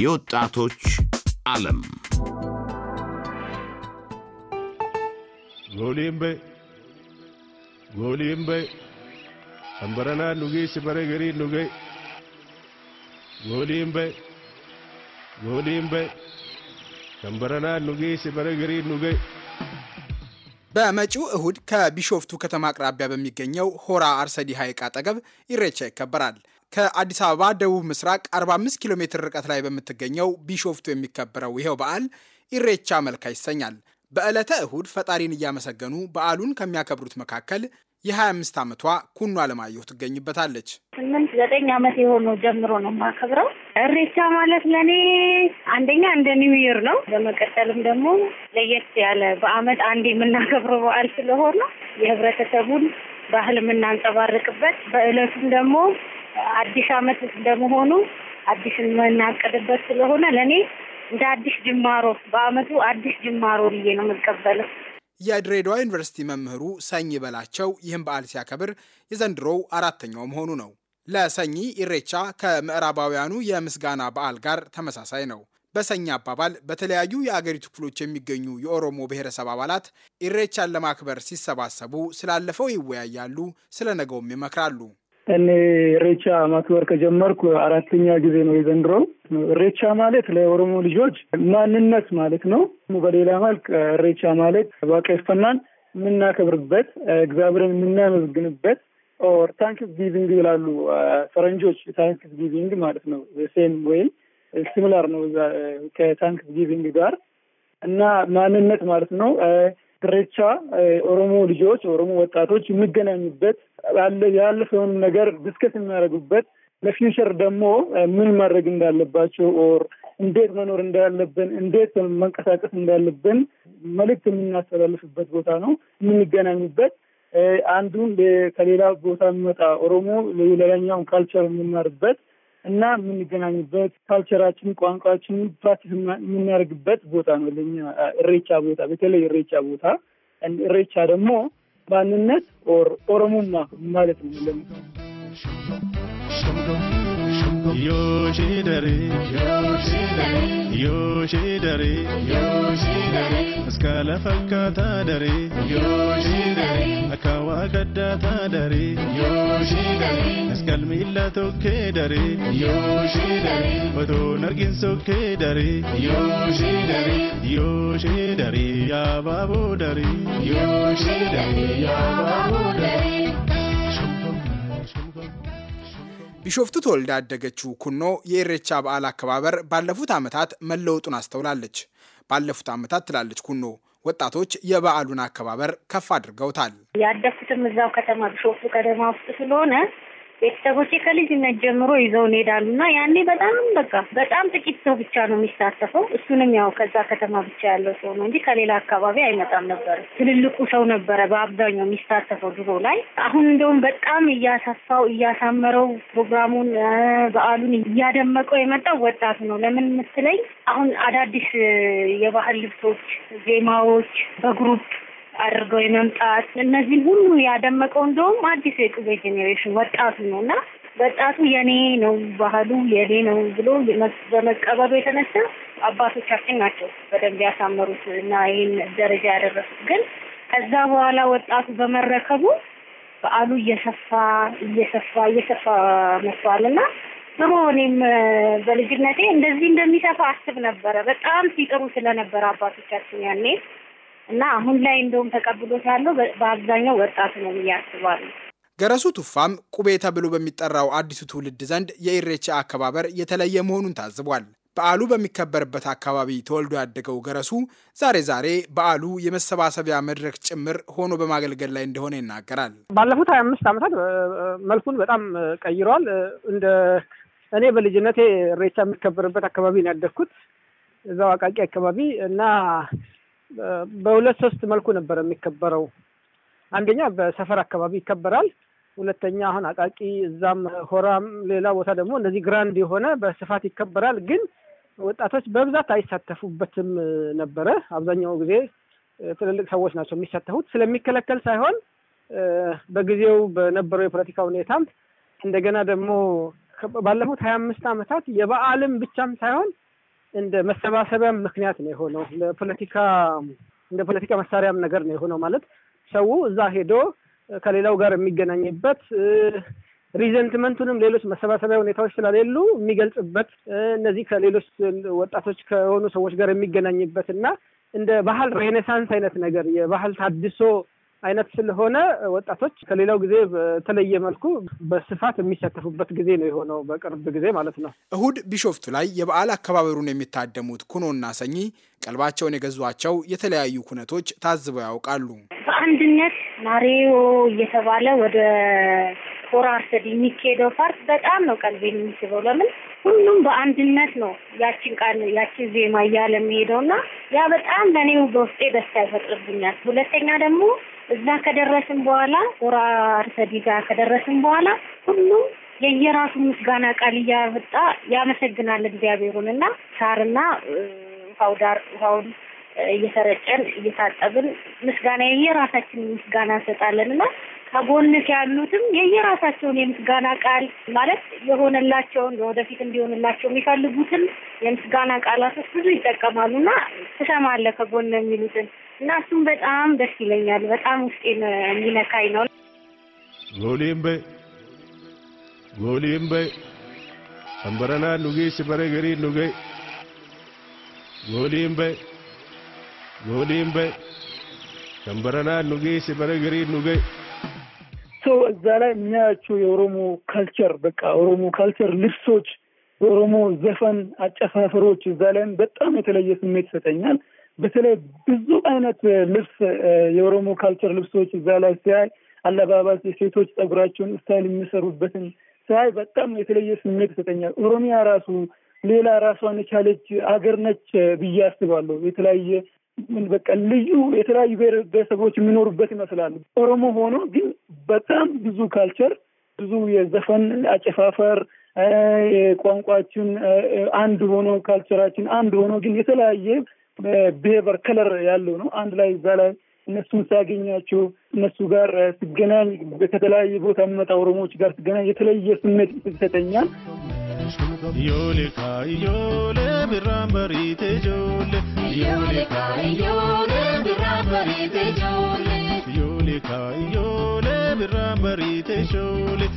የወጣቶች ዓለም ጎሊምቤ ጎሊምቤ ሰንበረና ኑጌ ሲበረ ገሪ ኑጌ ጎሊምቤ ጎሊምቤ ሰንበረና ኑጌ ሲበረ ገሪ ኑጌ በመጪው እሁድ ከቢሾፍቱ ከተማ አቅራቢያ በሚገኘው ሆራ አርሰዲ ሐይቅ አጠገብ ኢሬቻ ይከበራል። ከአዲስ አበባ ደቡብ ምስራቅ 45 ኪሎ ሜትር ርቀት ላይ በምትገኘው ቢሾፍቱ የሚከበረው ይኸው በዓል ኢሬቻ መልካ ይሰኛል። በዕለተ እሁድ ፈጣሪን እያመሰገኑ በዓሉን ከሚያከብሩት መካከል የ25 ዓመቷ ኩኖ አለማየሁ ትገኝበታለች። ስምንት ዘጠኝ ዓመት የሆነው ጀምሮ ነው የማከብረው። እሬቻ ማለት ለእኔ አንደኛ እንደ ኒው ይር ነው። በመቀጠልም ደግሞ ለየት ያለ በዓመት አንድ የምናከብረው በዓል ስለሆነ የህብረተሰቡን ባህል የምናንጸባርቅበት በእለቱም ደግሞ አዲስ አመት እንደመሆኑ አዲስ የምናቀድበት ስለሆነ ለእኔ እንደ አዲስ ጅማሮ በአመቱ አዲስ ጅማሮ ብዬ ነው የምቀበለው። የድሬዳዋ ዩኒቨርሲቲ መምህሩ ሰኝ በላቸው ይህን በዓል ሲያከብር የዘንድሮው አራተኛው መሆኑ ነው። ለሰኚ ኢሬቻ ከምዕራባውያኑ የምስጋና በዓል ጋር ተመሳሳይ ነው። በሰኝ አባባል በተለያዩ የአገሪቱ ክፍሎች የሚገኙ የኦሮሞ ብሔረሰብ አባላት ኢሬቻን ለማክበር ሲሰባሰቡ ስላለፈው ይወያያሉ፣ ስለ ነገውም ይመክራሉ። እኔ ሬቻ ማክበር ከጀመርኩ አራተኛ ጊዜ ነው የዘንድሮ። ሬቻ ማለት ለኦሮሞ ልጆች ማንነት ማለት ነው። በሌላ መልክ ሬቻ ማለት ዋቀፈናን የምናከብርበት እግዚአብሔርን የምናመዝግንበት ኦር ታንክስ ጊቪንግ ይላሉ ፈረንጆች። ታንክስ ጊቪንግ ማለት ነው ሴም ወይም ሲሚላር ነው ከታንክስ ጊቪንግ ጋር እና ማንነት ማለት ነው። ሬቻ ኦሮሞ ልጆች ኦሮሞ ወጣቶች የሚገናኙበት ያለፈውን ነገር ብስከት የሚያደርጉበት ለፊውቸር ደግሞ ምን ማድረግ እንዳለባቸው ኦር እንዴት መኖር እንዳለብን እንዴት መንቀሳቀስ እንዳለብን መልእክት የምናስተላልፍበት ቦታ ነው የምንገናኝበት አንዱን ከሌላ ቦታ የሚመጣ ኦሮሞ ለሌላኛውን ካልቸር የምንማርበት እና የምንገናኝበት ካልቸራችን፣ ቋንቋችን ፕራክቲስ የምናደርግበት ቦታ ነው ለኛ እሬቻ ቦታ፣ በተለይ እሬቻ ቦታ እሬቻ ደግሞ ማንነት ኦሮሙማ ማለት ነው። Yoshidare Yoshidare Yoshidare Yoshidare Iska lafakkaata dari! Yoshidare Akka waa gaddaata dare Yoshidare Iskal miila tokkee dare Yoshidare Otoo nargin sokkee dare dari! Yoshidare dari. dare Yoshidare Yaababoo ቢሾፍቱ ተወልዳ ያደገችው ኩኖ የኢሬቻ በዓል አከባበር ባለፉት ዓመታት መለወጡን አስተውላለች። ባለፉት ዓመታት ትላለች ኩኖ ወጣቶች የበዓሉን አከባበር ከፍ አድርገውታል። ያደኩትም እዛው ከተማ ቢሾፍቱ ከተማ ውስጥ ስለሆነ ቤተሰቦቼ ከልጅነት ጀምሮ ይዘው እንሄዳሉ ያኔ በጣም በቃ በጣም ጥቂት ሰው ብቻ ነው የሚሳተፈው። እሱንም ያው ከዛ ከተማ ብቻ ያለው ሰው ነው እንጂ ከሌላ አካባቢ አይመጣም ነበር። ትልልቁ ሰው ነበረ በአብዛኛው የሚሳተፈው ድሮ ላይ። አሁን እንደውም በጣም እያሰፋው እያሳመረው ፕሮግራሙን በዓሉን እያደመቀው የመጣው ወጣቱ ነው። ለምን ምስለኝ አሁን አዳዲስ የባህል ልብሶች፣ ዜማዎች በግሩፕ አድርገው የመምጣት እነዚህን ሁሉ ያደመቀው እንደውም አዲስ የቅቤ ጄኔሬሽን ወጣቱ ነው እና ወጣቱ የኔ ነው ባህሉ የኔ ነው ብሎ በመቀበሉ የተነሳ አባቶቻችን ናቸው በደንብ ያሳመሩት እና ይህን ደረጃ ያደረሱት። ግን ከዛ በኋላ ወጣቱ በመረከቡ በዓሉ እየሰፋ እየሰፋ እየሰፋ መጥቷል እና ጥሩ እኔም በልጅነቴ እንደዚህ እንደሚሰፋ አስብ ነበረ። በጣም ሲጥሩ ስለነበረ አባቶቻችን ያኔ እና አሁን ላይ እንደውም ተቀብሎት ያለው በአብዛኛው ወጣት ነው ብዬ አስባለሁ። ገረሱ ቱፋም ቁቤ ተብሎ በሚጠራው አዲሱ ትውልድ ዘንድ የኢሬቻ አከባበር የተለየ መሆኑን ታዝቧል። በዓሉ በሚከበርበት አካባቢ ተወልዶ ያደገው ገረሱ ዛሬ ዛሬ በዓሉ የመሰባሰቢያ መድረክ ጭምር ሆኖ በማገልገል ላይ እንደሆነ ይናገራል። ባለፉት ሀያ አምስት ዓመታት መልኩን በጣም ቀይረዋል። እንደ እኔ በልጅነቴ ኢሬቻ የሚከበርበት አካባቢ ነው ያደግኩት፣ እዛው አቃቂ አካባቢ እና በሁለት ሶስት መልኩ ነበር የሚከበረው። አንደኛ በሰፈር አካባቢ ይከበራል። ሁለተኛ አሁን አቃቂ እዛም ሆራም ሌላ ቦታ ደግሞ እንደዚህ ግራንድ የሆነ በስፋት ይከበራል። ግን ወጣቶች በብዛት አይሳተፉበትም ነበረ። አብዛኛው ጊዜ ትልልቅ ሰዎች ናቸው የሚሳተፉት። ስለሚከለከል ሳይሆን በጊዜው በነበረው የፖለቲካ ሁኔታም እንደገና ደግሞ ባለፉት ሀያ አምስት ዓመታት የበዓልም ብቻም ሳይሆን እንደ መሰባሰቢያም ምክንያት ነው የሆነው። ለፖለቲካ እንደ ፖለቲካ መሳሪያም ነገር ነው የሆነው ማለት ሰው እዛ ሄዶ ከሌላው ጋር የሚገናኝበት ሪዘንትመንቱንም ሌሎች መሰባሰቢያ ሁኔታዎች ስለሌሉ የሚገልጽበት እነዚህ ከሌሎች ወጣቶች ከሆኑ ሰዎች ጋር የሚገናኝበት እና እንደ ባህል ሬኔሳንስ አይነት ነገር የባህል ታድሶ አይነት ስለሆነ ወጣቶች ከሌላው ጊዜ በተለየ መልኩ በስፋት የሚሳተፉበት ጊዜ ነው የሆነው በቅርብ ጊዜ ማለት ነው። እሁድ ቢሾፍቱ ላይ የበዓል አከባበሩን የሚታደሙት ኩኖና ሰኚ ቀልባቸውን የገዟቸው የተለያዩ ኩነቶች ታዝበው ያውቃሉ። በአንድነት ማሬዎ እየተባለ ወደ ፎራርሰድ የሚካሄደው ፓርት በጣም ነው ቀልብ የሚስበው። ለምን ሁሉም በአንድነት ነው ያችን ቃል ያችን ዜማ እያለ የሚሄደው እና ያ በጣም ለእኔው በውስጤ ደስታ ይፈጥርብኛል። ሁለተኛ ደግሞ እዛ ከደረስን በኋላ ሆራ አርሰዲ ጋር ከደረስን በኋላ ሁሉም የየራሱ ምስጋና ቃል እያወጣ ያመሰግናል እግዚአብሔሩን እና ሳርና ውሃው ውሃውን እየሰረጨን እየታጠብን ምስጋና የየራሳችን ምስጋና እንሰጣለን እና ከጎንህ ያሉትም የየራሳቸውን የምስጋና ቃል ማለት የሆነላቸውን ወደፊት እንዲሆንላቸው የሚፈልጉትን የምስጋና ቃላቶች ብዙ ይጠቀማሉ እና ትሰማለህ ከጎንህ የሚሉትን እና እሱም በጣም ደስ ይለኛል። በጣም ውስጤን የሚነካኝ ነው። ጎሊም በይ ጎሊም በይ አንበረና ኑጌ ሲበረ ገሪ ኑጌ ጎሊም በይ ጎሊም በይ አንበረና ኑጌ ሲበረ ገሪ ኑጌ እዛ ላይ የምናያቸው የኦሮሞ ካልቸር በቃ ኦሮሞ ካልቸር ልብሶች፣ የኦሮሞ ዘፈን አጨፋፈሮች እዛ ላይም በጣም የተለየ ስሜት ይሰጠኛል። በተለይ ብዙ አይነት ልብስ የኦሮሞ ካልቸር ልብሶች እዛ ላይ ሲያይ አለባባስ፣ የሴቶች ጸጉራቸውን ስታይል የሚሰሩበትን ሲያይ በጣም የተለየ ስሜት ይሰጠኛል። ኦሮሚያ ራሱ ሌላ ራሷን የቻለች አገር ነች ብዬ አስባለሁ። የተለያየ ምን በቃ ልዩ የተለያዩ ብሔረሰቦች የሚኖሩበት ይመስላሉ። ኦሮሞ ሆኖ ግን በጣም ብዙ ካልቸር፣ ብዙ የዘፈን አጨፋፈር፣ የቋንቋችን አንድ ሆኖ ካልቸራችን አንድ ሆኖ ግን የተለያየ ብሄበር ከለር ያለው ነው። አንድ ላይ እዛ ላይ እነሱን ሳገኛቸው እነሱ ጋር ስገናኝ ከተለያየ ቦታ የሚመጣ ኦሮሞዎች ጋር ስገናኝ የተለየ ስሜት ይሰጠኛል። Ijoole kaa birraan bariite ijoole. Ijoole kaa ijoole birraan bariite ijoole. Ijoole kaa ijoole birraan bariite ijoole.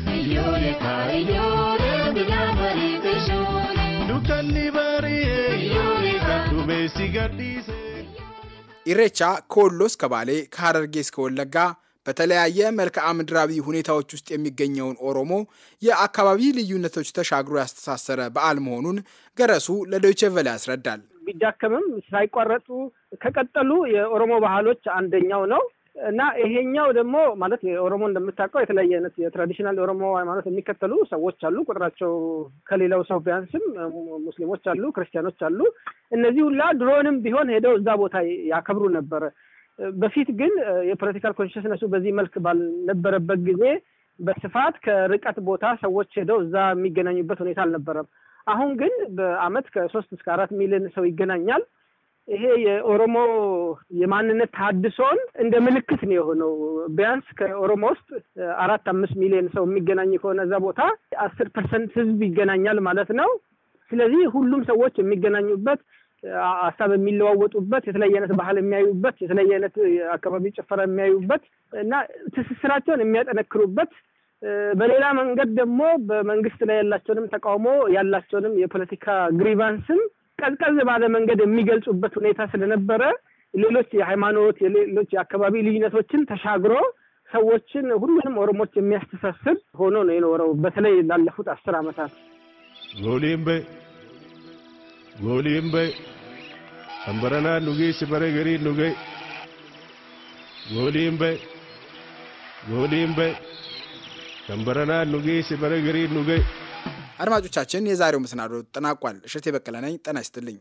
Irreecha koollos kabaalee ka ka wallaggaa. በተለያየ መልክዓ ምድራዊ ሁኔታዎች ውስጥ የሚገኘውን ኦሮሞ የአካባቢ ልዩነቶች ተሻግሮ ያስተሳሰረ በዓል መሆኑን ገረሱ ለዶይቼ ያስረዳል። ቢዳከምም ሳይቋረጡ ከቀጠሉ የኦሮሞ ባህሎች አንደኛው ነው እና ይሄኛው ደግሞ ማለት የኦሮሞ እንደምታውቀው የተለያየ አይነት የትራዲሽናል የኦሮሞ ሃይማኖት የሚከተሉ ሰዎች አሉ። ቁጥራቸው ከሌላው ሰው ቢያንስም ሙስሊሞች አሉ፣ ክርስቲያኖች አሉ። እነዚህ ሁላ ድሮንም ቢሆን ሄደው እዛ ቦታ ያከብሩ ነበረ። በፊት ግን የፖለቲካል ኮንሽስነሱ በዚህ መልክ ባልነበረበት ጊዜ በስፋት ከርቀት ቦታ ሰዎች ሄደው እዛ የሚገናኙበት ሁኔታ አልነበረም። አሁን ግን በአመት ከሶስት እስከ አራት ሚሊዮን ሰው ይገናኛል። ይሄ የኦሮሞ የማንነት ታድሶን እንደ ምልክት ነው የሆነው። ቢያንስ ከኦሮሞ ውስጥ አራት አምስት ሚሊዮን ሰው የሚገናኝ ከሆነ እዛ ቦታ አስር ፐርሰንት ህዝብ ይገናኛል ማለት ነው። ስለዚህ ሁሉም ሰዎች የሚገናኙበት ሀሳብ የሚለዋወጡበት የተለያየ አይነት ባህል የሚያዩበት የተለያየ አይነት አካባቢ ጭፈራ የሚያዩበት እና ትስስራቸውን የሚያጠነክሩበት በሌላ መንገድ ደግሞ በመንግስት ላይ ያላቸውንም ተቃውሞ ያላቸውንም የፖለቲካ ግሪቫንስም ቀዝቀዝ ባለ መንገድ የሚገልጹበት ሁኔታ ስለነበረ ሌሎች የሃይማኖት ሌሎች የአካባቢ ልዩነቶችን ተሻግሮ ሰዎችን ሁሉንም ኦሮሞች የሚያስተሳስብ ሆኖ ነው የኖረው። በተለይ ላለፉት አስር ዓመታት ጎሊምቤ ጎሊምቤ Hambaranaa Nugi si bara garii lugee gooliin ba'e gooliin ba'e Hambaranaa lugee si bara garii lugee። አድማጮቻችን የዛሬው መሰናዶ ተጠናቋል። እሸቴ በቀለ ነኝ። ጤና ይስጥልኝ።